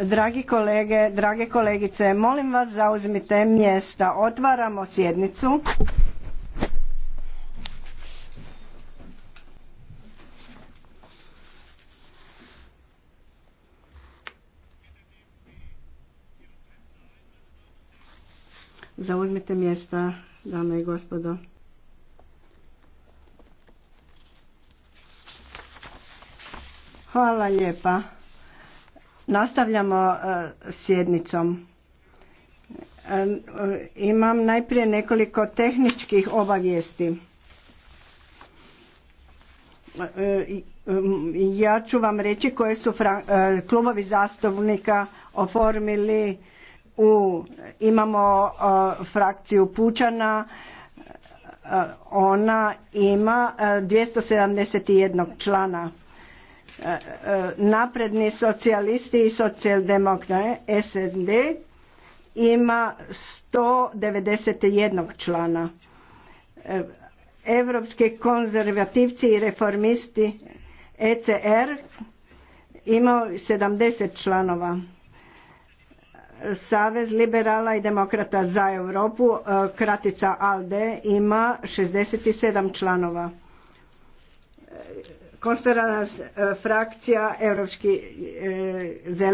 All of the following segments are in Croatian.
Dragi kolege, drage kolegice, molim vas zauzmite mjesta. Otvaramo sjednicu. Zauzmite mjesta, dame i gospodo. Hvala lijepa. Nastavljamo e, sjednicom. E, e, imam najprije nekoliko tehničkih obavijesti. Ja ću vam reći koje su klubovi zastupnika oformili u imamo frakciju Pučana ona ima 271 člana napredni socijalisti i socijaldemokrati SND ima 191 člana. Europski konzervativci i reformisti ECR ima 70 članova. Savez liberala i demokrata za Europu, e, kratica ALDE, ima 67 članova konferana e, frakcija europski e,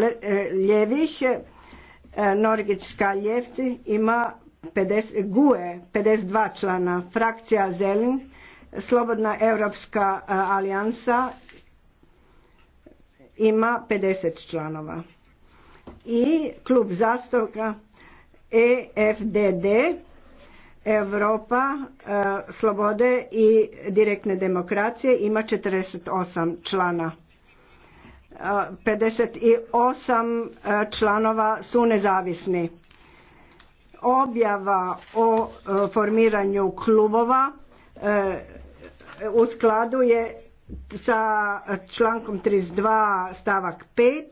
ljevih e, norgička ljevci ima 50, GUE 52 člana frakcija Zelin Slobodna europska alijansa ima 50 članova i klub zastavka EFDD Europa e, slobode i direktne demokracije ima 48 člana. 58 e, e, članova su nezavisni. Objava o formiranju klubova u skladu je sa člankom 32 stavak 5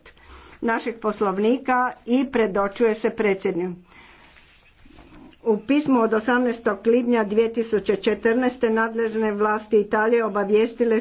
našeg poslovnika i predočuje se predsjedniku. U pismu od 18. lipnja 2014. nadležne vlasti Italije obavijestile